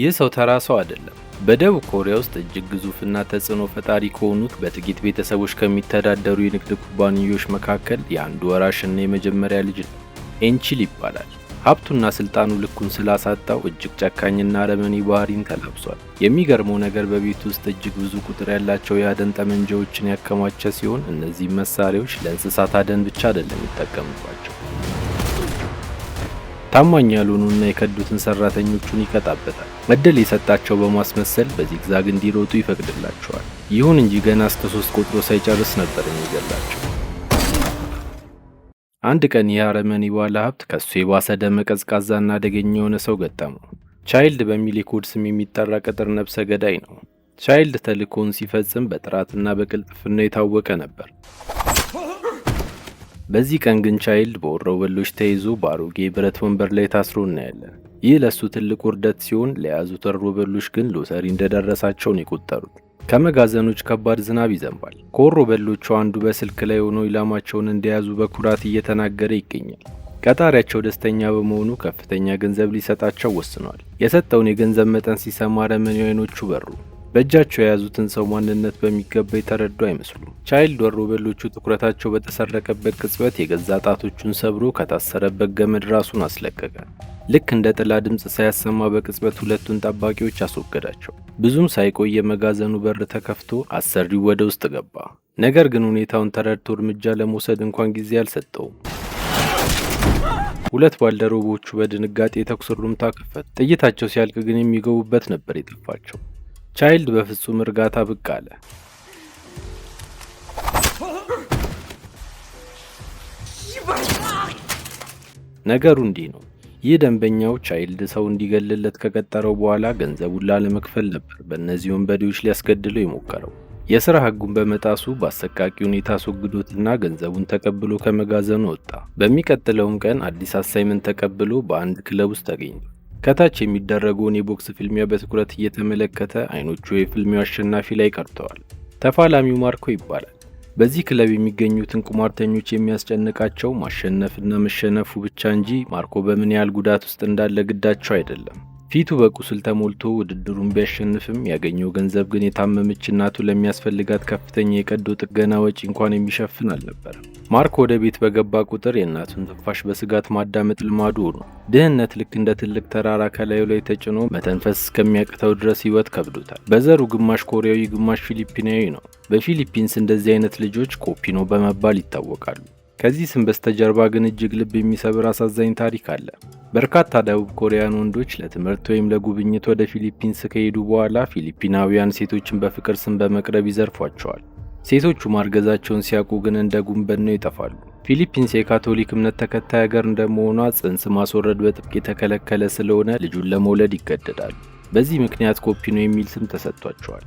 ይህ ሰው ተራ ሰው አይደለም። በደቡብ ኮሪያ ውስጥ እጅግ ግዙፍና ተጽዕኖ ፈጣሪ ከሆኑት በጥቂት ቤተሰቦች ከሚተዳደሩ የንግድ ኩባንያዎች መካከል የአንዱ ወራሽና የመጀመሪያ ልጅ ነው። ኤንቺል ይባላል። ሀብቱና ስልጣኑ ልኩን ስላሳጣው እጅግ ጨካኝና አረመኔ ባህሪን ተላብሷል። የሚገርመው ነገር በቤት ውስጥ እጅግ ብዙ ቁጥር ያላቸው የአደን ጠመንጃዎችን ያከማቸ ሲሆን እነዚህ መሳሪያዎች ለእንስሳት አደን ብቻ አይደለም ይጠቀምባቸው። ታማኝ ያልሆኑና የከዱትን ሰራተኞቹን ይቀጣበታል። መደል የሰጣቸው በማስመሰል በዚግዛግ እንዲሮጡ ይፈቅድላቸዋል። ይሁን እንጂ ገና እስከ ሶስት ቆጥሮ ሳይጨርስ ነበር የሚገላቸው። አንድ ቀን ይህ አረመኔ ባለ ሀብት ከሱ የባሰ ደመ ቀዝቃዛና አደገኛ የሆነ ሰው ገጠመው። ቻይልድ በሚል የኮድ ስም የሚጠራ ቅጥር ነብሰ ገዳይ ነው። ቻይልድ ተልእኮውን ሲፈጽም በጥራትና በቅልጥፍና የታወቀ ነበር። በዚህ ቀን ግን ቻይልድ በወሮበሎች ተይዞ በአሮጌ ብረት ወንበር ላይ ታስሮ እናያለን። ይህ ለእሱ ትልቅ ውርደት ሲሆን ለያዙት እሮ በሎች ግን ሎተሪ እንደደረሳቸው ነው የቆጠሩት። ከመጋዘኖች ከባድ ዝናብ ይዘንባል። ከወሮ በሎቹ አንዱ በስልክ ላይ ሆኖ ኢላማቸውን እንደያዙ በኩራት እየተናገረ ይገኛል። ቀጣሪያቸው ደስተኛ በመሆኑ ከፍተኛ ገንዘብ ሊሰጣቸው ወስኗል። የሰጠውን የገንዘብ መጠን ሲሰማ አረመኔ አይኖቹ በሩ። በእጃቸው የያዙትን ሰው ማንነት በሚገባ የተረዱ አይመስሉም። ቻይልድ ወሮበሎቹ ትኩረታቸው በተሰረቀበት ቅጽበት የገዛ ጣቶቹን ሰብሮ ከታሰረበት ገመድ ራሱን አስለቀቀ። ልክ እንደ ጥላ ድምፅ ሳያሰማ በቅጽበት ሁለቱን ጠባቂዎች አስወገዳቸው። ብዙም ሳይቆይ የመጋዘኑ በር ተከፍቶ አሰሪው ወደ ውስጥ ገባ። ነገር ግን ሁኔታውን ተረድቶ እርምጃ ለመውሰድ እንኳን ጊዜ አልሰጠውም። ሁለት ባልደረቦቹ በድንጋጤ የተኩስ ሩምታ ከፈቱ። ጥይታቸው ሲያልቅ ግን የሚገቡበት ነበር የጠፋቸው። ቻይልድ በፍጹም እርጋታ ብቅ አለ። ነገሩ እንዲህ ነው። ይህ ደንበኛው ቻይልድ ሰው እንዲገልለት ከቀጠረው በኋላ ገንዘቡን ላለመክፈል ነበር በእነዚህ ወንበዴዎች ሊያስገድለው የሞከረው። የሥራ ሕጉን በመጣሱ በአሰቃቂ ሁኔታ አስወግዶትና ገንዘቡን ተቀብሎ ከመጋዘኑ ወጣ። በሚቀጥለውም ቀን አዲስ አሳይመንት ተቀብሎ በአንድ ክለብ ውስጥ ተገኝቷል። ከታች የሚደረገውን የቦክስ ፍልሚያ በትኩረት እየተመለከተ አይኖቹ የፍልሚያው አሸናፊ ላይ ቀርተዋል። ተፋላሚው ማርኮ ይባላል። በዚህ ክለብ የሚገኙትን ቁማርተኞች የሚያስጨንቃቸው ማሸነፍና መሸነፉ ብቻ እንጂ ማርኮ በምን ያህል ጉዳት ውስጥ እንዳለ ግዳቸው አይደለም። ፊቱ በቁስል ተሞልቶ ውድድሩን ቢያሸንፍም ያገኘው ገንዘብ ግን የታመመች እናቱ ለሚያስፈልጋት ከፍተኛ የቀዶ ጥገና ወጪ እንኳን የሚሸፍን አልነበረም። ማርክ ወደ ቤት በገባ ቁጥር የእናቱን ትንፋሽ በስጋት ማዳመጥ ልማዱ ሆኗል። ድህነት ልክ እንደ ትልቅ ተራራ ከላዩ ላይ ተጭኖ መተንፈስ እስከሚያቅተው ድረስ ሕይወት ከብዶታል። በዘሩ ግማሽ ኮሪያዊ፣ ግማሽ ፊሊፒናዊ ነው። በፊሊፒንስ እንደዚህ አይነት ልጆች ኮፒኖ በመባል ይታወቃሉ። ከዚህ ስም በስተጀርባ ግን እጅግ ልብ የሚሰብር አሳዛኝ ታሪክ አለ። በርካታ ደቡብ ኮሪያን ወንዶች ለትምህርት ወይም ለጉብኝት ወደ ፊሊፒንስ ከሄዱ በኋላ ፊሊፒናውያን ሴቶችን በፍቅር ስም በመቅረብ ይዘርፏቸዋል። ሴቶቹ ማርገዛቸውን ሲያውቁ ግን እንደ ጉንበን ነው ይጠፋሉ። ፊሊፒንስ የካቶሊክ እምነት ተከታይ ሀገር እንደመሆኗ ጽንስ ማስወረድ በጥብቅ የተከለከለ ስለሆነ ልጁን ለመውለድ ይገደዳሉ። በዚህ ምክንያት ኮፒኖ የሚል ስም ተሰጥቷቸዋል።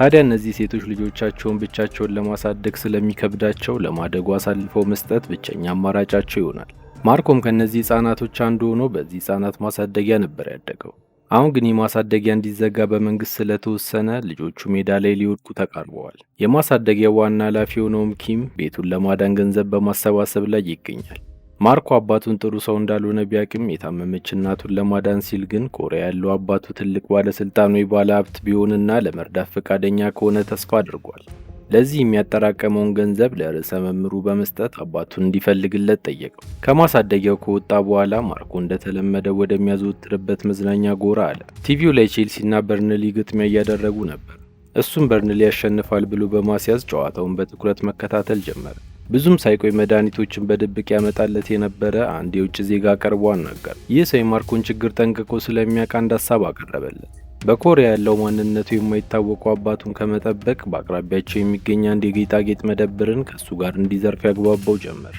ታዲያ እነዚህ ሴቶች ልጆቻቸውን ብቻቸውን ለማሳደግ ስለሚከብዳቸው ለማደጉ አሳልፈው መስጠት ብቸኛ አማራጫቸው ይሆናል። ማርኮም ከእነዚህ ህጻናቶች አንዱ ሆኖ በዚህ ህጻናት ማሳደጊያ ነበር ያደገው። አሁን ግን የማሳደጊያ እንዲዘጋ በመንግስት ስለተወሰነ ልጆቹ ሜዳ ላይ ሊወድቁ ተቃርበዋል። የማሳደጊያው ዋና ኃላፊ የሆነውም ኪም ቤቱን ለማዳን ገንዘብ በማሰባሰብ ላይ ይገኛል። ማርኮ አባቱን ጥሩ ሰው እንዳልሆነ ቢያቅም የታመመች እናቱን ለማዳን ሲል ግን ኮሪያ ያለው አባቱ ትልቅ ባለስልጣን ወይ ባለ ሀብት ቢሆንና ለመርዳት ፈቃደኛ ከሆነ ተስፋ አድርጓል። ለዚህ የሚያጠራቀመውን ገንዘብ ለርዕሰ መምህሩ በመስጠት አባቱን እንዲፈልግለት ጠየቀው። ከማሳደጊያው ከወጣ በኋላ ማርኮ እንደተለመደ ወደሚያዘወትርበት መዝናኛ ጎራ አለ። ቲቪው ላይ ቼልሲና በርንሊ ግጥሚያ እያደረጉ ነበር። እሱም በርንሊ ያሸንፋል ብሎ በማስያዝ ጨዋታውን በትኩረት መከታተል ጀመረ። ብዙም ሳይቆይ መድኃኒቶችን በድብቅ ያመጣለት የነበረ አንድ የውጭ ዜጋ ቀርቦ አናገር። ይህ ሰው የማርኮን ችግር ጠንቅቆ ስለሚያውቅ አንድ ሀሳብ አቀረበለት። በኮሪያ ያለው ማንነቱ የማይታወቀው አባቱን ከመጠበቅ በአቅራቢያቸው የሚገኝ አንድ የጌጣጌጥ መደብርን ከእሱ ጋር እንዲዘርፍ ያግባባው ጀመር።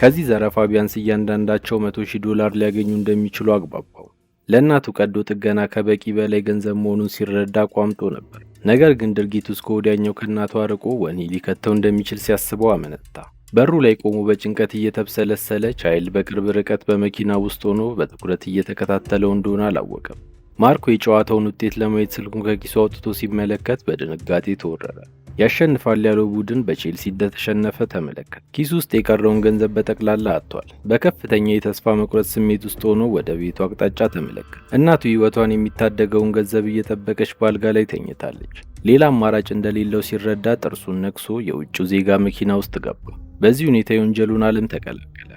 ከዚህ ዘረፋ ቢያንስ እያንዳንዳቸው መቶ ሺህ ዶላር ሊያገኙ እንደሚችሉ አግባባው። ለእናቱ ቀዶ ጥገና ከበቂ በላይ ገንዘብ መሆኑን ሲረዳ አቋምጦ ነበር። ነገር ግን ድርጊቱ እስከ ወዲያኛው ከእናቱ አርቆ ወኔ ሊከተው እንደሚችል ሲያስበው አመነታ። በሩ ላይ ቆሞ በጭንቀት እየተብሰለሰለ ቻይልድ በቅርብ ርቀት በመኪና ውስጥ ሆኖ በትኩረት እየተከታተለው እንደሆነ አላወቀም። ማርኮ የጨዋታውን ውጤት ለማየት ስልኩን ከኪሱ አውጥቶ ሲመለከት በድንጋጤ ተወረረ። ያሸንፋል ያለው ቡድን በቼልሲ እንደተሸነፈ ተመለከተ። ኪሱ ውስጥ የቀረውን ገንዘብ በጠቅላላ አጥቷል። በከፍተኛ የተስፋ መቁረጥ ስሜት ውስጥ ሆኖ ወደ ቤቱ አቅጣጫ ተመለከተ። እናቱ ሕይወቷን የሚታደገውን ገንዘብ እየጠበቀች በአልጋ ላይ ተኝታለች። ሌላ አማራጭ እንደሌለው ሲረዳ ጥርሱን ነቅሶ የውጭው ዜጋ መኪና ውስጥ ገባ። በዚህ ሁኔታ የወንጀሉን ዓለም ተቀላቀለ።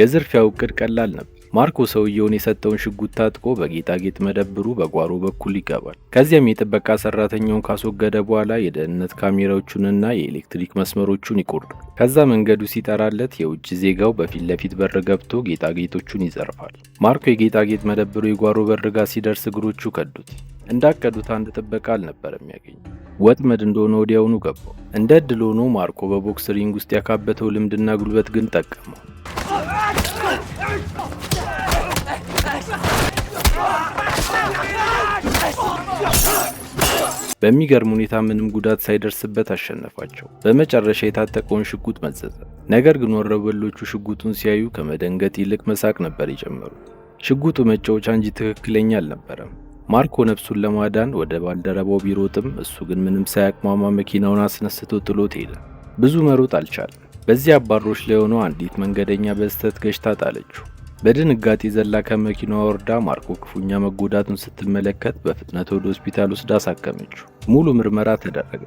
የዝርፊያው ዕቅድ ቀላል ነበር። ማርኮ ሰውየውን የሰጠውን ሽጉጥ ታጥቆ በጌጣጌጥ መደብሩ በጓሮ በኩል ይገባል። ከዚያም የጥበቃ ሰራተኛውን ካስወገደ በኋላ የደህንነት ካሜራዎቹንና የኤሌክትሪክ መስመሮቹን ይቆርጣል። ከዛ መንገዱ ሲጠራለት የውጭ ዜጋው በፊት ለፊት በር ገብቶ ጌጣጌጦቹን ይዘርፋል። ማርኮ የጌጣጌጥ መደብሩ የጓሮ በር ጋር ሲደርስ እግሮቹ ከዱት። እንዳቀዱት አንድ ጥበቃ አልነበረም የሚያገኝ ወጥመድ እንደሆነ ወዲያውኑ ገባው። እንደ እድል ሆኖ ማርኮ በቦክስ ሪንግ ውስጥ ያካበተው ልምድና ጉልበት ግን ጠቀመው። በሚገርም ሁኔታ ምንም ጉዳት ሳይደርስበት አሸነፋቸው። በመጨረሻ የታጠቀውን ሽጉጥ መዘዘ። ነገር ግን ወረበሎቹ ሽጉጡን ሲያዩ ከመደንገጥ ይልቅ መሳቅ ነበር የጨመሩት። ሽጉጡ መጫወቻ እንጂ ትክክለኛ አልነበረም። ማርኮ ነፍሱን ለማዳን ወደ ባልደረባው ቢሮጥም እሱ ግን ምንም ሳያቅማማ መኪናውን አስነስቶ ጥሎት ሄደ። ብዙ መሮጥ አልቻለም። በዚህ አባሮች ላይ ሆኖ አንዲት መንገደኛ በስተት ገጭታ ጣለችው። በድንጋጤ ዘላ ከመኪናዋ ወርዳ ማርኮ ክፉኛ መጎዳቱን ስትመለከት በፍጥነት ወደ ሆስፒታል ውስዳ አሳከመችው። ሙሉ ምርመራ ተደረገ።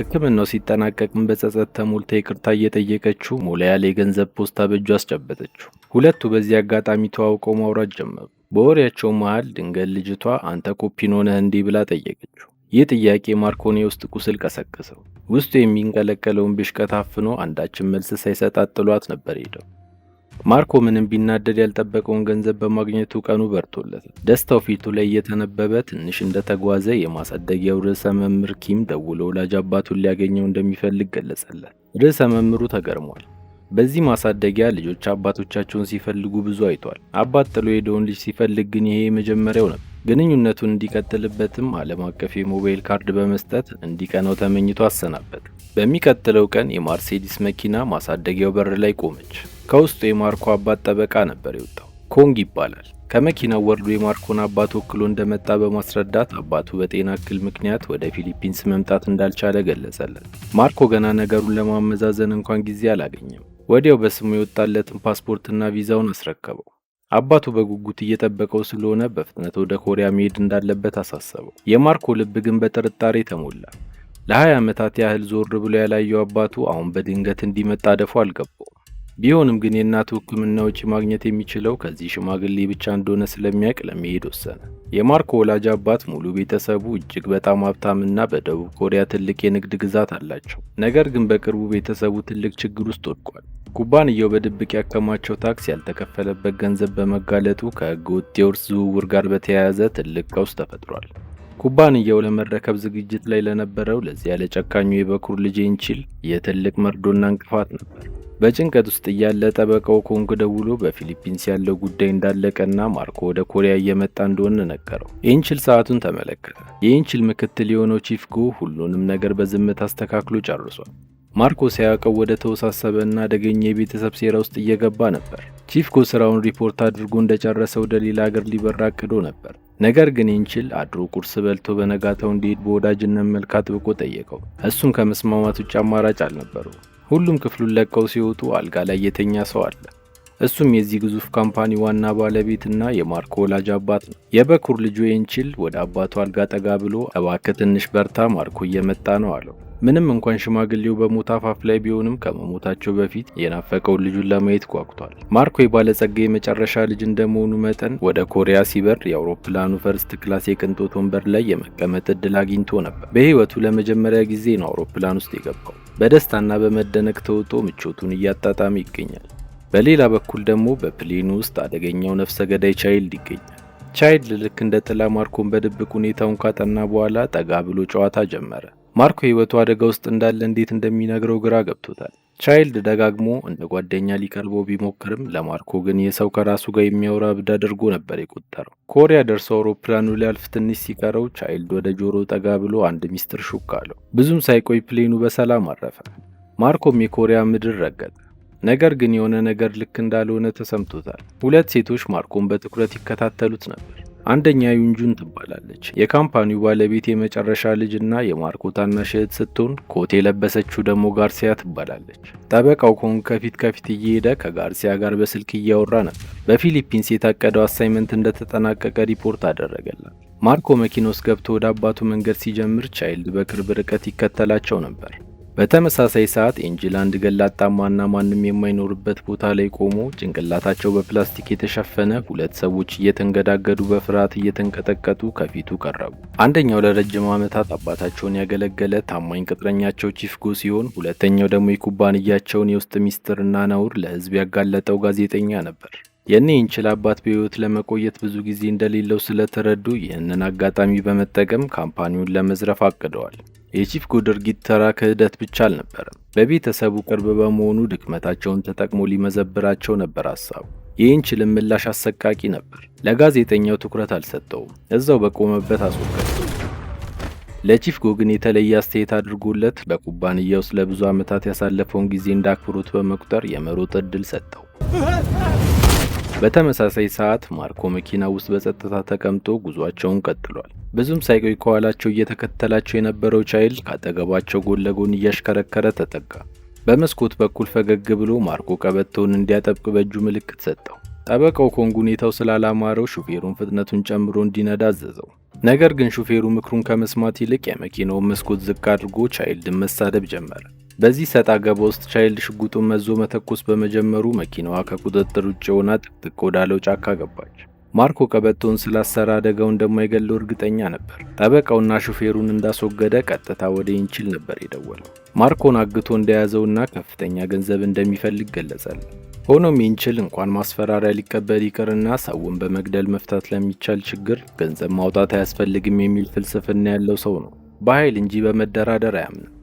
ሕክምናው ሲጠናቀቅም በጸጸት ተሞልታ ይቅርታ እየጠየቀችው ሞላያ ያለ የገንዘብ ፖስታ በእጁ አስጨበጠችው። ሁለቱ በዚህ አጋጣሚ ተዋውቀው ማውራት ጀመሩ። በወሬያቸው መሃል ድንገት ልጅቷ አንተ ኮፒን ሆነህ እንዴ ብላ ጠየቀችው። ይህ ጥያቄ ማርኮኔ ውስጥ ቁስል ቀሰቀሰው። ውስጡ የሚንቀለቀለውን ብሽቀት አፍኖ አንዳችን መልስ ሳይሰጣት ጥሏት ነበር ሄደው ማርኮ ምንም ቢናደድ ያልጠበቀውን ገንዘብ በማግኘቱ ቀኑ በርቶለት ደስታው ፊቱ ላይ እየተነበበ ትንሽ እንደተጓዘ የማሳደጊያው ርዕሰ መምህር ኪም ደውሎ ወላጅ አባቱን ሊያገኘው እንደሚፈልግ ገለጸለት። ርዕሰ መምህሩ ተገርሟል። በዚህ ማሳደጊያ ልጆች አባቶቻቸውን ሲፈልጉ ብዙ አይቷል። አባት ጥሎ ሄደውን ልጅ ሲፈልግ ግን ይሄ የመጀመሪያው ነው። ግንኙነቱን እንዲቀጥልበትም ዓለም አቀፍ የሞባይል ካርድ በመስጠት እንዲቀነው ተመኝቶ አሰናበት። በሚቀጥለው ቀን የማርሴዲስ መኪና ማሳደጊያው በር ላይ ቆመች። ከውስጡ የማርኮ አባት ጠበቃ ነበር የወጣው። ኮንግ ይባላል። ከመኪናው ወርዶ የማርኮን አባት ወክሎ እንደመጣ በማስረዳት አባቱ በጤና እክል ምክንያት ወደ ፊሊፒንስ መምጣት እንዳልቻለ ገለጸለት። ማርኮ ገና ነገሩን ለማመዛዘን እንኳን ጊዜ አላገኘም። ወዲያው በስሙ የወጣለትን ፓስፖርትና ቪዛውን አስረከበው። አባቱ በጉጉት እየጠበቀው ስለሆነ በፍጥነት ወደ ኮሪያ መሄድ እንዳለበት አሳሰበው። የማርኮ ልብ ግን በጥርጣሬ ተሞላ። ለ20 ዓመታት ያህል ዞር ብሎ ያላየው አባቱ አሁን በድንገት እንዲመጣ ደፎ አልገባው። ቢሆንም ግን የእናቱ ሕክምና ውጪ ማግኘት የሚችለው ከዚህ ሽማግሌ ብቻ እንደሆነ ስለሚያውቅ ለመሄድ ወሰነ። የማርኮ ወላጅ አባት ሙሉ ቤተሰቡ እጅግ በጣም ሀብታምና በደቡብ ኮሪያ ትልቅ የንግድ ግዛት አላቸው። ነገር ግን በቅርቡ ቤተሰቡ ትልቅ ችግር ውስጥ ወድቋል። ኩባንያው በድብቅ ያከማቸው ታክስ ያልተከፈለበት ገንዘብ በመጋለጡ ከሕገ ወጥ የውርስ ዝውውር ጋር በተያያዘ ትልቅ ቀውስ ተፈጥሯል። ኩባንያው ለመረከብ ዝግጅት ላይ ለነበረው ለዚህ ለጨካኙ የበኩር ልጅ እንችል የትልቅ መርዶና እንቅፋት ነበር። በጭንቀት ውስጥ እያለ ጠበቃው ኮንግ ደውሎ በፊሊፒንስ ያለው ጉዳይ እንዳለቀና ማርኮ ወደ ኮሪያ እየመጣ እንደሆነ ነገረው። ኢንችል ሰዓቱን ተመለከተ። የኢንችል ምክትል የሆነው ቺፍ ጎ ሁሉንም ነገር በዝምታ አስተካክሎ ጨርሷል። ማርኮ ሳያውቀው ወደ ተወሳሰበና አደገኛ የቤተሰብ ሴራ ውስጥ እየገባ ነበር። ቺፍ ጎ ስራውን ሪፖርት አድርጎ እንደጨረሰ ወደ ሌላ ሀገር ሊበራ አቅዶ ነበር። ነገር ግን ኢንችል አድሮ ቁርስ በልቶ በነጋታው እንዲሄድ በወዳጅነት መልክ አጥብቆ ጠየቀው። እሱም ከመስማማት ውጭ አማራጭ አልነበረው። ሁሉም ክፍሉን ለቀው ሲወጡ አልጋ ላይ የተኛ ሰው አለ። እሱም የዚህ ግዙፍ ካምፓኒ ዋና ባለቤትና የማርኮ ወላጅ አባት ነው። የበኩር ልጁ ኤንቺል ወደ አባቱ አልጋ ጠጋ ብሎ እባክህ ትንሽ በርታ፣ ማርኮ እየመጣ ነው አለው። ምንም እንኳን ሽማግሌው በሞት አፋፍ ላይ ቢሆንም ከመሞታቸው በፊት የናፈቀውን ልጁን ለማየት ጓጉቷል። ማርኮ የባለጸጋ የመጨረሻ ልጅ እንደመሆኑ መጠን ወደ ኮሪያ ሲበር የአውሮፕላኑ ፈርስት ክላስ የቅንጦት ወንበር ላይ የመቀመጥ እድል አግኝቶ ነበር። በህይወቱ ለመጀመሪያ ጊዜ ነው አውሮፕላን ውስጥ የገባው። በደስታና በመደነቅ ተውጦ ምቾቱን እያጣጣመ ይገኛል። በሌላ በኩል ደግሞ በፕሌኑ ውስጥ አደገኛው ነፍሰ ገዳይ ቻይልድ ይገኛል። ቻይልድ ልክ እንደ ጥላ ማርኮን በድብቅ ሁኔታውን ካጠና በኋላ ጠጋ ብሎ ጨዋታ ጀመረ። ማርኮ ሕይወቱ አደጋ ውስጥ እንዳለ እንዴት እንደሚነግረው ግራ ገብቶታል። ቻይልድ ደጋግሞ እንደ ጓደኛ ሊቀርበው ቢሞክርም ለማርኮ ግን የሰው ከራሱ ጋር የሚያወራ እብድ አድርጎ ነበር የቆጠረው። ኮሪያ ደርሶ አውሮፕላኑ ሊያልፍ ትንሽ ሲቀረው ቻይልድ ወደ ጆሮ ጠጋ ብሎ አንድ ሚስጥር ሹክ አለው። ብዙም ሳይቆይ ፕሌኑ በሰላም አረፈ። ማርኮም የኮሪያ ምድር ረገጠ። ነገር ግን የሆነ ነገር ልክ እንዳልሆነ ተሰምቶታል። ሁለት ሴቶች ማርኮን በትኩረት ይከታተሉት ነበር። አንደኛ ዩንጁን ትባላለች። የካምፓኒው ባለቤት የመጨረሻ ልጅ እና የማርኮ ታናሽ እህት ስትሆን ኮት የለበሰችው ደግሞ ጋርሲያ ትባላለች። ጠበቃው ኮን ከፊት ከፊት እየሄደ ከጋርሲያ ጋር በስልክ እያወራ ነበር። በፊሊፒንስ የታቀደው አሳይመንት እንደተጠናቀቀ ሪፖርት አደረገላት። ማርኮ መኪና ውስጥ ገብቶ ወደ አባቱ መንገድ ሲጀምር ቻይልድ በቅርብ ርቀት ይከተላቸው ነበር። በተመሳሳይ ሰዓት ኢንጂል አንድ ገላጣማና ማንም የማይኖርበት ቦታ ላይ ቆሞ ጭንቅላታቸው በፕላስቲክ የተሸፈነ ሁለት ሰዎች እየተንገዳገዱ በፍርሃት እየተንቀጠቀጡ ከፊቱ ቀረቡ። አንደኛው ለረጅም ዓመታት አባታቸውን ያገለገለ ታማኝ ቅጥረኛቸው ቺፍ ጎ ሲሆን፣ ሁለተኛው ደግሞ የኩባንያቸውን የውስጥ ሚስጥርና ነውር ለሕዝብ ያጋለጠው ጋዜጠኛ ነበር። የኔ ኢንጂል አባት በህይወት ለመቆየት ብዙ ጊዜ እንደሌለው ስለተረዱ ይህንን አጋጣሚ በመጠቀም ካምፓኒውን ለመዝረፍ አቅደዋል። የቺፍ ድርጊት ተራ ክህደት ብቻ አልነበረም። በቤተሰቡ ቅርብ በመሆኑ ድክመታቸውን ተጠቅሞ ሊመዘብራቸው ነበር ሀሳቡ። ይህን ችልም ምላሽ አሰቃቂ ነበር። ለጋዜጠኛው ትኩረት አልሰጠውም፣ እዛው በቆመበት አስወገደ። ለቺፍ ጎ ግን የተለየ አስተያየት አድርጎለት በኩባንያ ውስጥ ለብዙ ዓመታት ያሳለፈውን ጊዜ እንዳክብሮት በመቁጠር የመሮጥ ዕድል ሰጠው። በተመሳሳይ ሰዓት ማርኮ መኪና ውስጥ በጸጥታ ተቀምጦ ጉዟቸውን ቀጥሏል። ብዙም ሳይቆይ ከኋላቸው እየተከተላቸው የነበረው ቻይል ካጠገባቸው ጎን ለጎን እያሽከረከረ ተጠጋ። በመስኮት በኩል ፈገግ ብሎ ማርኮ ቀበቶውን እንዲያጠብቅ በእጁ ምልክት ሰጠው። ጠበቃው ኮንግ ሁኔታው ስላላማረው ሹፌሩን ፍጥነቱን ጨምሮ እንዲነዳ አዘዘው። ነገር ግን ሹፌሩ ምክሩን ከመስማት ይልቅ የመኪናውን መስኮት ዝቅ አድርጎ ቻይልድን መሳደብ ጀመረ። በዚህ ሰጥ አገባ ውስጥ ቻይልድ ሽጉጡን መዞ መተኮስ በመጀመሩ መኪናዋ ከቁጥጥር ውጭ ሆና ጥቅጥቅ ወዳለው ጫካ ገባች። ማርኮ ቀበቶውን ስላሰራ አደጋው እንደማይገለው እርግጠኛ ነበር። ጠበቃውና ሹፌሩን እንዳስወገደ ቀጥታ ወደ ኢንችል ነበር የደወለው። ማርኮን አግቶ እንደያዘውና ከፍተኛ ገንዘብ እንደሚፈልግ ገለጸል። ሆኖም ኢንቺል እንኳን ማስፈራሪያ ሊቀበል ይቅርና ሰውን በመግደል መፍታት ለሚቻል ችግር ገንዘብ ማውጣት አያስፈልግም የሚል ፍልስፍና ያለው ሰው ነው። በኃይል እንጂ በመደራደር አያምንም።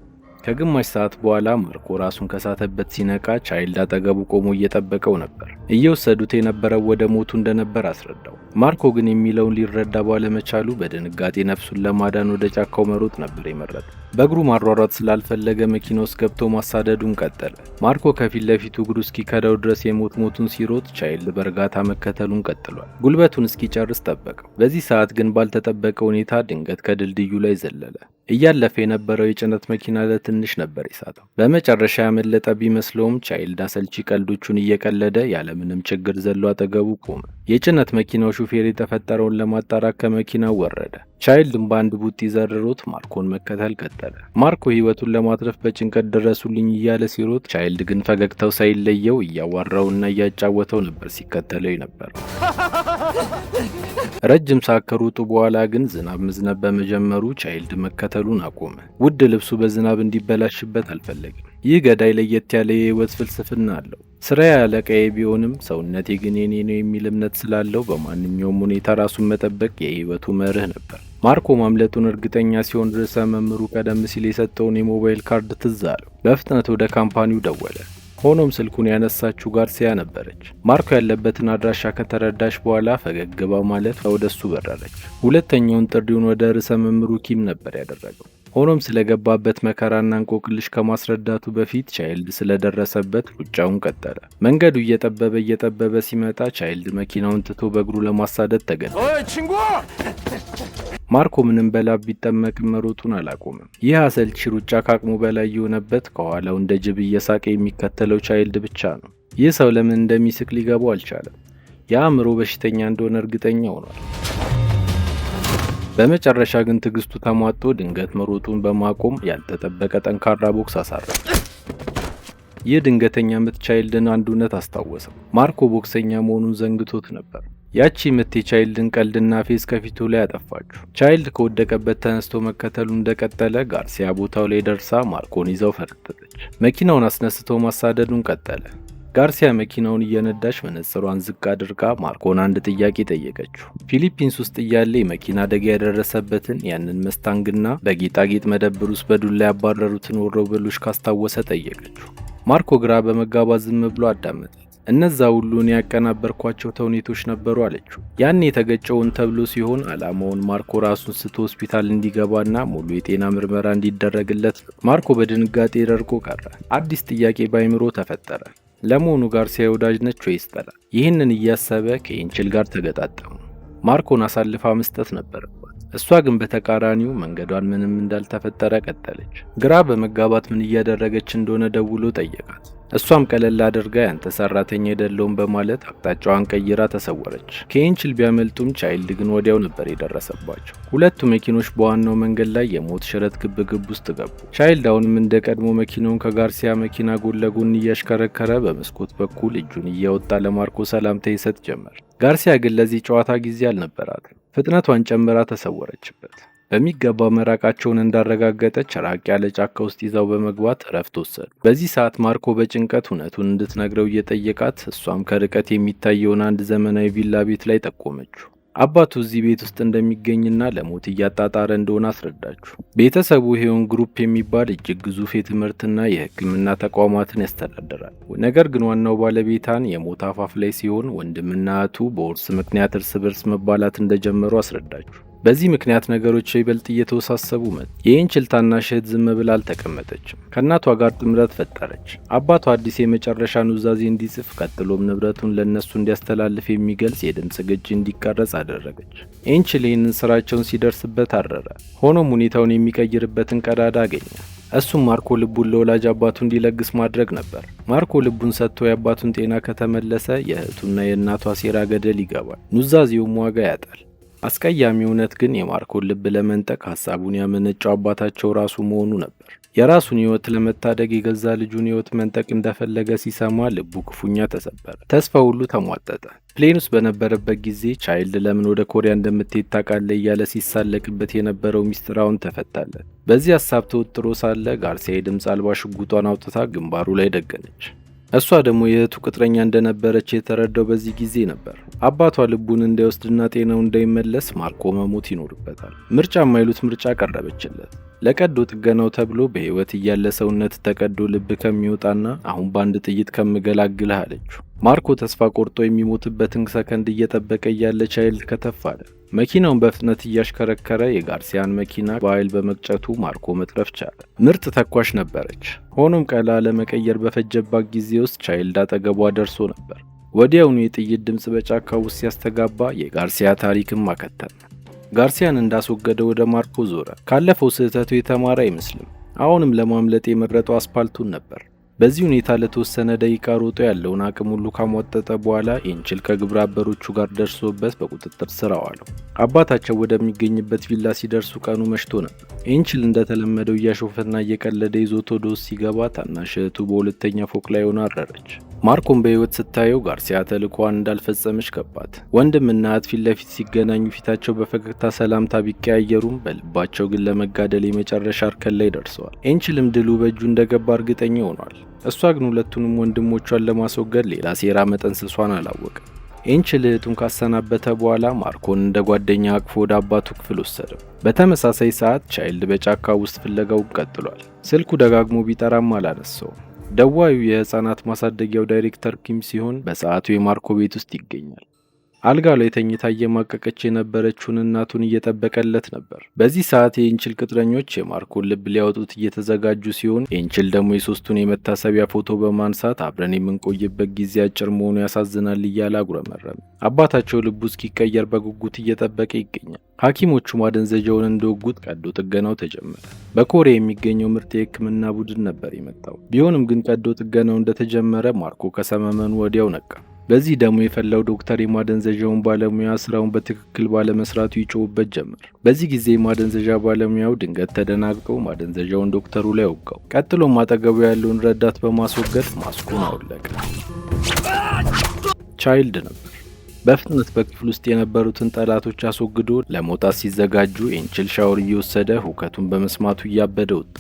ከግማሽ ሰዓት በኋላ ማርኮ ራሱን ከሳተበት ሲነቃ ቻይልድ አጠገቡ ቆሞ እየጠበቀው ነበር። እየወሰዱት የነበረው ወደ ሞቱ እንደነበር አስረዳው። ማርኮ ግን የሚለውን ሊረዳ ባለመቻሉ በድንጋጤ ነፍሱን ለማዳን ወደ ጫካው መሮጥ ነበር የመረጠው። በእግሩ ማሯሯጥ ስላልፈለገ መኪና ውስጥ ገብቶ ማሳደዱን ቀጠለ። ማርኮ ከፊት ለፊቱ እግሩ እስኪከዳው ድረስ የሞት ሞቱን ሲሮጥ፣ ቻይልድ በእርጋታ መከተሉን ቀጥሏል። ጉልበቱን እስኪጨርስ ጠበቀው። በዚህ ሰዓት ግን ባልተጠበቀ ሁኔታ ድንገት ከድልድዩ ላይ ዘለለ። እያለፈ የነበረው የጭነት መኪና ለትንሽ ነበር ይሳተው። በመጨረሻ ያመለጠ ቢመስለውም ቻይልድ አሰልቺ ቀልዶቹን እየቀለደ ያለምንም ችግር ዘሎ አጠገቡ ቆመ። የጭነት መኪናው ሹፌር የተፈጠረውን ለማጣራት ከመኪናው ወረደ። ቻይልድን በአንድ ቡጢ ዘርሮት ማርኮን መከተል ቀጠለ። ማርኮ ህይወቱን ለማትረፍ በጭንቀት ድረሱልኝ እያለ ሲሮጥ፣ ቻይልድ ግን ፈገግታው ሳይለየው እያዋራውና እያጫወተው ነበር ሲከተለው የነበረው። ረጅም ሳከሩጡ በኋላ ግን ዝናብ መዝነብ በመጀመሩ ቻይልድ መከተሉን አቆመ። ውድ ልብሱ በዝናብ እንዲበላሽበት አልፈለግም። ይህ ገዳይ ለየት ያለ የህይወት ፍልስፍና አለው። ስራ ያለቀዬ ቢሆንም ሰውነቴ ግን የኔ ነው የሚል እምነት ስላለው በማንኛውም ሁኔታ ራሱን መጠበቅ የህይወቱ መርህ ነበር። ማርኮ ማምለጡን እርግጠኛ ሲሆን ርዕሰ መምህሩ ቀደም ሲል የሰጠውን የሞባይል ካርድ ትዝ አለው። በፍጥነት ወደ ካምፓኒው ደወለ። ሆኖም ስልኩን ያነሳችው ጋርሲያ ነበረች። ማርኮ ያለበትን አድራሻ ከተረዳች በኋላ ፈገግ ማለት ወደ እሱ በረረች። ሁለተኛውን ጥሪውን ወደ ርዕሰ መምህሩ ኪም ነበር ያደረገው። ሆኖም ስለገባበት መከራና እንቆቅልሽ ከማስረዳቱ በፊት ቻይልድ ስለደረሰበት ሩጫውን ቀጠለ። መንገዱ እየጠበበ እየጠበበ ሲመጣ ቻይልድ መኪናውን ትቶ በእግሩ ለማሳደድ ተገደ። ማርኮ ምንም በላብ ቢጠመቅም መሮጡን አላቆምም። ይህ አሰልቺ ሩጫ ከአቅሙ በላይ የሆነበት ከኋላው እንደ ጅብ እየሳቀ የሚከተለው ቻይልድ ብቻ ነው። ይህ ሰው ለምን እንደሚስቅ ሊገባው አልቻለም። የአእምሮ በሽተኛ እንደሆነ እርግጠኛ ሆኗል። በመጨረሻ ግን ትዕግስቱ ተሟጦ ድንገት መሮጡን በማቆም ያልተጠበቀ ጠንካራ ቦክስ አሳረፈ። ይህ ድንገተኛ ምት ቻይልድን አንዱነት አስታወሰው። ማርኮ ቦክሰኛ መሆኑን ዘንግቶት ነበር። ያቺ ምት የቻይልድን ቀልድና ፌስ ከፊቱ ላይ አጠፋችሁ። ቻይልድ ከወደቀበት ተነስቶ መከተሉ እንደቀጠለ ጋርሲያ ቦታው ላይ ደርሳ ማርኮን ይዘው ፈረጠጠች። መኪናውን አስነስቶ ማሳደዱን ቀጠለ። ጋርሲያ መኪናውን እየነዳች መነጽሯን ዝቅ አድርጋ ማርኮን አንድ ጥያቄ ጠየቀችው። ፊሊፒንስ ውስጥ እያለ የመኪና አደጋ የደረሰበትን ያንን መስታንግና በጌጣጌጥ መደብር ውስጥ በዱላ ያባረሩትን ወሮበሎች ካስታወሰ ጠየቀችው። ማርኮ ግራ በመጋባት ዝም ብሎ አዳመጠ። እነዛ ሁሉን ያቀናበርኳቸው ተውኔቶች ነበሩ አለችው። ያን የተገጨውን ተብሎ ሲሆን ዓላማውን ማርኮ ራሱን ስቶ ሆስፒታል እንዲገባና ሙሉ የጤና ምርመራ እንዲደረግለት ነው። ማርኮ በድንጋጤ ደርቆ ቀረ። አዲስ ጥያቄ ባይምሮ ተፈጠረ። ለመሆኑ ጋርሲያ ሲያወዳጅ ነች ወይስ ጠላት? ይህንን እያሰበ ከኤንችል ጋር ተገጣጠሙ። ማርኮን አሳልፋ መስጠት ነበር! እሷ ግን በተቃራኒው መንገዷን ምንም እንዳልተፈጠረ ቀጠለች። ግራ በመጋባት ምን እያደረገች እንደሆነ ደውሎ ጠየቃት። እሷም ቀለል አድርጋ ያንተ ሰራተኛ አይደለውም በማለት አቅጣጫዋን ቀይራ ተሰወረች። ከኤንችል ቢያመልጡም ቻይልድ ግን ወዲያው ነበር የደረሰባቸው። ሁለቱ መኪኖች በዋናው መንገድ ላይ የሞት ሽረት ግብግብ ውስጥ ገቡ። ቻይልድ አሁንም እንደ ቀድሞ መኪናውን ከጋርሲያ መኪና ጎን ለጎን እያሽከረከረ በመስኮት በኩል እጁን እያወጣ ለማርኮ ሰላምታ ይሰጥ ጀመር። ጋርሲያ ግን ለዚህ ጨዋታ ጊዜ አልነበራትም። ፍጥነቷን ጨምራ ተሰወረችበት። በሚገባ መራቃቸውን እንዳረጋገጠች ራቅ ያለ ጫካ ውስጥ ይዘው በመግባት እረፍት ወሰዱ። በዚህ ሰዓት ማርኮ በጭንቀት እውነቱን እንድትነግረው እየጠየቃት፣ እሷም ከርቀት የሚታየውን አንድ ዘመናዊ ቪላ ቤት ላይ ጠቆመችው። አባቱ እዚህ ቤት ውስጥ እንደሚገኝና ለሞት እያጣጣረ እንደሆነ አስረዳችሁ። ቤተሰቡ ሄዮን ግሩፕ የሚባል እጅግ ግዙፍ የትምህርትና የሕክምና ተቋማትን ያስተዳድራል። ነገር ግን ዋናው ባለቤታን የሞት አፋፍ ላይ ሲሆን ወንድምና እህቱ በውርስ ምክንያት እርስ በርስ መባላት እንደጀመሩ አስረዳችሁ። በዚህ ምክንያት ነገሮች ይበልጥ እየተወሳሰቡ መጥ የኢንችል ታናሽ እህት ዝም ብላ አልተቀመጠችም። ከእናቷ ጋር ጥምረት ፈጠረች። አባቷ አዲስ የመጨረሻ ኑዛዜ እንዲጽፍ ቀጥሎም ንብረቱን ለእነሱ እንዲያስተላልፍ የሚገልጽ የድምፅ ግጅ እንዲቀረጽ አደረገች። ኤንችል ይህንን ስራቸውን ሲደርስበት አረረ። ሆኖም ሁኔታውን የሚቀይርበትን ቀዳዳ አገኘ። እሱም ማርኮ ልቡን ለወላጅ አባቱ እንዲለግስ ማድረግ ነበር። ማርኮ ልቡን ሰጥቶ የአባቱን ጤና ከተመለሰ የእህቱና የእናቷ ሴራ ገደል ይገባል። ኑዛዜውም ዋጋ ያጣል። አስቀያሚ እውነት ግን የማርኮን ልብ ለመንጠቅ ሀሳቡን ያመነጨው አባታቸው ራሱ መሆኑ ነበር። የራሱን ህይወት ለመታደግ የገዛ ልጁን ህይወት መንጠቅ እንደፈለገ ሲሰማ ልቡ ክፉኛ ተሰበረ። ተስፋ ሁሉ ተሟጠጠ። ፕሌን ውስጥ በነበረበት ጊዜ ቻይልድ ለምን ወደ ኮሪያ እንደምትሄድ ታውቃለህ እያለ ሲሳለቅበት የነበረው ሚስጥራውን ተፈታለት። በዚህ ሀሳብ ተወጥሮ ሳለ ጋርሲያ የድምፅ አልባ ሽጉጧን አውጥታ ግንባሩ ላይ ደገነች። እሷ ደግሞ የእህቱ ቅጥረኛ እንደነበረች የተረዳው በዚህ ጊዜ ነበር። አባቷ ልቡን እንዳይወስድና ጤናው እንዳይመለስ ማርኮ መሞት ይኖርበታል። ምርጫ የማይሉት ምርጫ ቀረበችለት። ለቀዶ ጥገናው ተብሎ በህይወት እያለ ሰውነት ተቀዶ ልብ ከሚወጣና አሁን በአንድ ጥይት ከምገላግልህ አለችው። ማርኮ ተስፋ ቆርጦ የሚሞትበትን ሰከንድ እየጠበቀ እያለ ቻይልድ ከተፋለ። መኪናውን በፍጥነት እያሽከረከረ የጋርሲያን መኪና በኃይል በመቅጨቱ ማርኮ መጥረፍ ቻለ። ምርጥ ተኳሽ ነበረች። ሆኖም ቀላ ለመቀየር በፈጀባት ጊዜ ውስጥ ቻይልድ አጠገቧ ደርሶ ነበር። ወዲያውኑ የጥይት ድምፅ በጫካ ውስጥ ሲያስተጋባ የጋርሲያ ታሪክም አከተመ። ጋርሲያን እንዳስወገደ ወደ ማርኮ ዞረ። ካለፈው ስህተቱ የተማረ አይመስልም። አሁንም ለማምለጥ የመረጠው አስፓልቱን ነበር። በዚህ ሁኔታ ለተወሰነ ደቂቃ ሮጦ ያለውን አቅም ሁሉ ካሟጠጠ በኋላ ኤንችል ከግብረ አበሮቹ ጋር ደርሶበት በቁጥጥር ስር አዋለው። አባታቸው ወደሚገኝበት ቪላ ሲደርሱ ቀኑ መሽቶ ነበር። ኤንችል እንደተለመደው እያሾፈና እየቀለደ ይዞት ወደ ውስጥ ሲገባ ታናሽ እህቱ በሁለተኛ ፎቅ ላይ ሆና አረረች። ማርኮም በህይወት ስታየው ጋርሲያ ተልኳን እንዳልፈጸመች ገባት። ወንድምና እህት ፊት ለፊት ሲገናኙ ፊታቸው በፈገግታ ሰላምታ ቢቀያየሩም በልባቸው ግን ለመጋደል የመጨረሻ እርከን ላይ ደርሰዋል። ኤንችልም ድሉ በእጁ እንደገባ እርግጠኛ ሆኗል። እሷ ግን ሁለቱንም ወንድሞቿን ለማስወገድ ሌላ ሴራ መጠንሰሷን አላወቀም። ኤንችል ልህቱን ካሰናበተ በኋላ ማርኮን እንደ ጓደኛ አቅፎ ወደ አባቱ ክፍል ወሰደው። በተመሳሳይ ሰዓት ቻይልድ በጫካ ውስጥ ፍለጋውን ቀጥሏል። ስልኩ ደጋግሞ ቢጠራም አላነሳውም። ደዋዩ የህፃናት ማሳደጊያው ዳይሬክተር ኪም ሲሆን በሰዓቱ የማርኮ ቤት ውስጥ ይገኛል። አልጋ ላይ ተኝታ እየማቀቀች የነበረችውን እናቱን እየጠበቀለት ነበር። በዚህ ሰዓት የእንችል ቅጥረኞች የማርኮን ልብ ሊያወጡት እየተዘጋጁ ሲሆን የእንችል ደግሞ የሶስቱን የመታሰቢያ ፎቶ በማንሳት አብረን የምንቆይበት ጊዜ አጭር መሆኑ ያሳዝናል እያለ አጉረመረም። አባታቸው ልቡ እስኪቀየር በጉጉት እየጠበቀ ይገኛል። ሐኪሞቹ ማደንዘዣውን እንደወጉት ቀዶ ጥገናው ተጀመረ። በኮሪያ የሚገኘው ምርጥ የሕክምና ቡድን ነበር የመጣው። ቢሆንም ግን ቀዶ ጥገናው እንደተጀመረ ማርኮ ከሰመመኑ ወዲያው ነቃ። በዚህ ደግሞ የፈላው ዶክተር የማደንዘዣውን ባለሙያ ስራውን በትክክል ባለመስራቱ ይጮውበት ጀመር። በዚህ ጊዜ የማደንዘዣ ባለሙያው ድንገት ተደናግጦ ማደንዘዣውን ዶክተሩ ላይ ወጋው። ቀጥሎም አጠገቡ ያለውን ረዳት በማስወገድ ማስኩን አወለቀ። ቻይልድ ነበር። በፍጥነት በክፍል ውስጥ የነበሩትን ጠላቶች አስወግዶ ለመውጣት ሲዘጋጁ ኤንችል ሻወር እየወሰደ ሁከቱን በመስማቱ እያበደ ወጣ።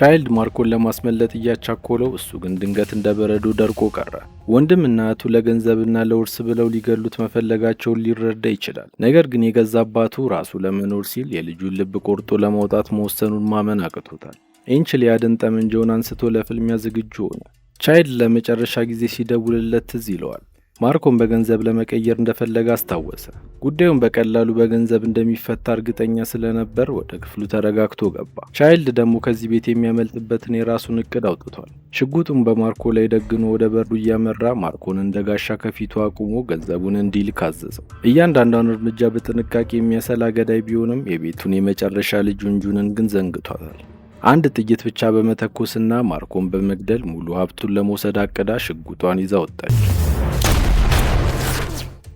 ቻይልድ ማርኮን ለማስመለጥ እያቻኮለው እሱ ግን ድንገት እንደ በረዶ ደርቆ ቀረ። ወንድም እናቱ ለገንዘብና ለውርስ ብለው ሊገሉት መፈለጋቸውን ሊረዳ ይችላል። ነገር ግን የገዛ አባቱ ራሱ ለመኖር ሲል የልጁን ልብ ቆርጦ ለማውጣት መወሰኑን ማመን አቅቶታል። ኤንች ሊያድን ጠመንጃውን አንስቶ ለፍልሚያ ዝግጁ ሆነ። ቻይልድ ለመጨረሻ ጊዜ ሲደውልለት ትዝ ይለዋል። ማርኮን በገንዘብ ለመቀየር እንደፈለገ አስታወሰ። ጉዳዩን በቀላሉ በገንዘብ እንደሚፈታ እርግጠኛ ስለነበር ወደ ክፍሉ ተረጋግቶ ገባ። ቻይልድ ደግሞ ከዚህ ቤት የሚያመልጥበትን የራሱን እቅድ አውጥቷል። ሽጉጡን በማርኮ ላይ ደግኖ ወደ በሩ እያመራ ማርኮን እንደ ጋሻ ከፊቱ አቁሞ ገንዘቡን እንዲልክ አዘዘው። እያንዳንዷን እርምጃ በጥንቃቄ የሚያሰላ ገዳይ ቢሆንም የቤቱን የመጨረሻ ልጅ ጁንጁንን ግን ዘንግቷታል። አንድ ጥይት ብቻ በመተኮስና ማርኮን በመግደል ሙሉ ሀብቱን ለመውሰድ አቅዳ ሽጉጧን ይዛ ወጣች።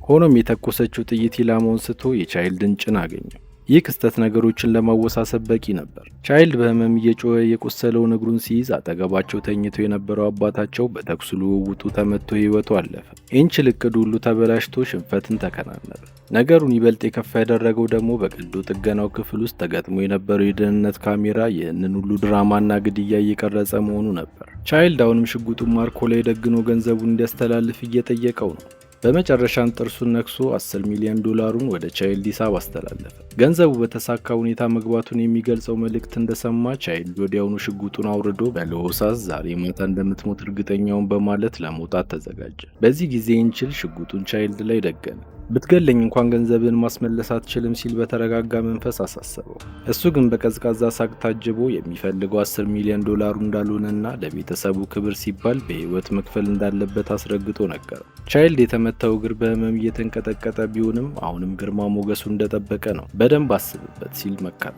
ሆኖም የተኮሰችው ጥይት ኢላማውን ስቶ የቻይልድን ጭን አገኘ። ይህ ክስተት ነገሮችን ለማወሳሰብ በቂ ነበር። ቻይልድ በህመም እየጮኸ የቆሰለውን እግሩን ሲይዝ አጠገባቸው ተኝቶ የነበረው አባታቸው በተኩስ ልውውጡ ተመቶ ህይወቱ አለፈ። ኤንችል እቅዱ ሁሉ ተበላሽቶ ሽንፈትን ተከናነበ። ነገሩን ይበልጥ የከፋ ያደረገው ደግሞ በቀዶ ጥገናው ክፍል ውስጥ ተገጥሞ የነበረው የደህንነት ካሜራ ይህንን ሁሉ ድራማና ግድያ እየቀረጸ መሆኑ ነበር። ቻይልድ አሁንም ሽጉጡን ማርኮ ላይ ደግኖ ገንዘቡን እንዲያስተላልፍ እየጠየቀው ነው። በመጨረሻም ጥርሱን ነክሶ 10 ሚሊዮን ዶላሩን ወደ ቻይልድ ሂሳብ አስተላለፈ። ገንዘቡ በተሳካ ሁኔታ መግባቱን የሚገልጸው መልእክት እንደሰማ ቻይልድ ወዲያውኑ ሽጉጡን አውርዶ በለሆሳስ ዛሬ ማታ እንደምትሞት እርግጠኛውን በማለት ለመውጣት ተዘጋጀ። በዚህ ጊዜ እንችል ሽጉጡን ቻይልድ ላይ ደገነ። ብትገለኝ እንኳን ገንዘብን ማስመለስ አትችልም ሲል በተረጋጋ መንፈስ አሳሰበው። እሱ ግን በቀዝቃዛ ሳቅ ታጅቦ የሚፈልገው 10 ሚሊዮን ዶላሩ እንዳልሆነና ለቤተሰቡ ክብር ሲባል በህይወት መክፈል እንዳለበት አስረግጦ ነገረው። ቻይልድ የተመታው እግር በህመም እየተንቀጠቀጠ ቢሆንም አሁንም ግርማ ሞገሱ እንደጠበቀ ነው። በደንብ አስብበት ሲል መካል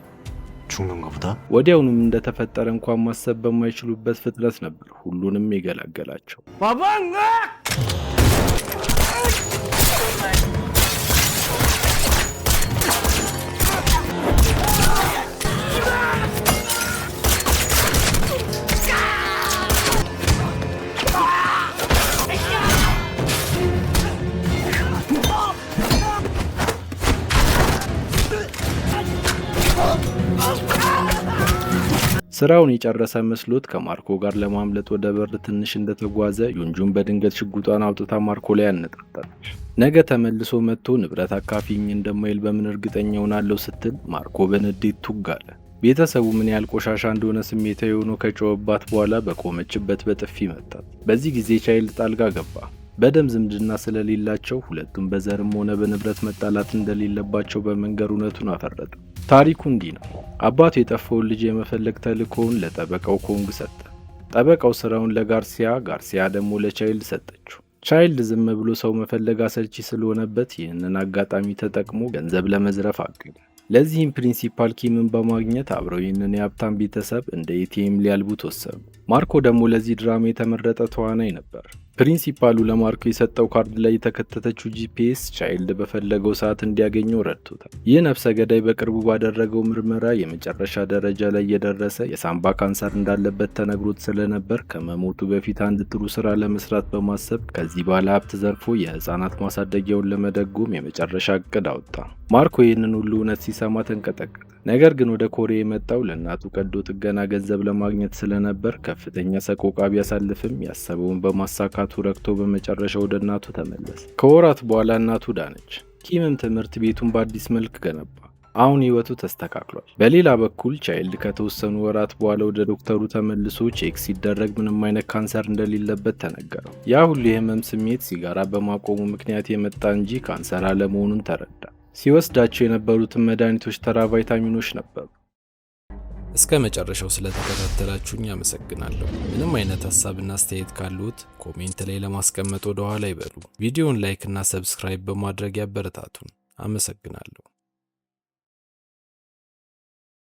ወዲያውኑም እንደተፈጠረ እንኳን ማሰብ በማይችሉበት ፍጥነት ነበር ሁሉንም የገላገላቸው። ስራውን የጨረሰ መስሎት ከማርኮ ጋር ለማምለጥ ወደ በር ትንሽ እንደተጓዘ ዩንጁን በድንገት ሽጉጧን አውጥታ ማርኮ ላይ አነጣጠረች። ነገ ተመልሶ መጥቶ ንብረት አካፊኝ እንደማይል በምን እርግጠኛ ሆናለሁ ስትል ማርኮ በንዴት ቱግ አለ። ቤተሰቡ ምን ያህል ቆሻሻ እንደሆነ ስሜታዊ ሆኖ ከጮኸባት በኋላ በቆመችበት በጥፊ መታት። በዚህ ጊዜ ቻይልድ ጣልቃ ገባ። በደም ዝምድና ስለሌላቸው ሁለቱም በዘርም ሆነ በንብረት መጣላት እንደሌለባቸው በመንገር እውነቱን አፈረጠ። ታሪኩ እንዲህ ነው። አባቱ የጠፋውን ልጅ የመፈለግ ተልእኮውን ለጠበቃው ኮንግ ሰጠ። ጠበቃው ስራውን ለጋርሲያ፣ ጋርሲያ ደግሞ ለቻይልድ ሰጠችው። ቻይልድ ዝም ብሎ ሰው መፈለግ አሰልቺ ስለሆነበት ይህንን አጋጣሚ ተጠቅሞ ገንዘብ ለመዝረፍ አቅዱ። ለዚህም ፕሪንሲፓል ኪምን በማግኘት አብረው ይህንን የሀብታም ቤተሰብ እንደ ኤቲኤም ሊያልቡ ወሰኑ። ማርኮ ደግሞ ለዚህ ድራማ የተመረጠ ተዋናይ ነበር። ፕሪንሲፓሉ ለማርኮ የሰጠው ካርድ ላይ የተከተተችው ጂፒኤስ ቻይልድ በፈለገው ሰዓት እንዲያገኘው ረድቶታል። ይህ ነፍሰ ገዳይ በቅርቡ ባደረገው ምርመራ የመጨረሻ ደረጃ ላይ የደረሰ የሳምባ ካንሰር እንዳለበት ተነግሮት ስለነበር ከመሞቱ በፊት አንድ ጥሩ ስራ ለመስራት በማሰብ ከዚህ ባለ ሀብት ዘርፎ የህፃናት ማሳደጊያውን ለመደጎም የመጨረሻ እቅድ አወጣ። ማርኮ ይህንን ሁሉ እውነት ሲሰማ ተንቀጠቀጠ። ነገር ግን ወደ ኮሪያ የመጣው ለእናቱ ቀዶ ጥገና ገንዘብ ለማግኘት ስለነበር ከፍተኛ ሰቆቃ ቢያሳልፍም ያሰበውን በማሳካቱ ረክቶ በመጨረሻ ወደ እናቱ ተመለሰ። ከወራት በኋላ እናቱ ዳነች። ኪምም ትምህርት ቤቱን በአዲስ መልክ ገነባ። አሁን ህይወቱ ተስተካክሏል። በሌላ በኩል ቻይልድ ከተወሰኑ ወራት በኋላ ወደ ዶክተሩ ተመልሶ ቼክ ሲደረግ ምንም አይነት ካንሰር እንደሌለበት ተነገረው። ያ ሁሉ የህመም ስሜት ሲጋራ በማቆሙ ምክንያት የመጣ እንጂ ካንሰር አለመሆኑን ተረዳ። ሲወስዳቸው የነበሩትን መድኃኒቶች ተራ ቫይታሚኖች ነበሩ። እስከ መጨረሻው ስለተከታተላችሁኝ አመሰግናለሁ። ምንም አይነት ሀሳብና አስተያየት ካሉት ኮሜንት ላይ ለማስቀመጥ ወደ ኋላ ይበሉ። ቪዲዮውን ላይክ እና ሰብስክራይብ በማድረግ ያበረታቱን። አመሰግናለሁ።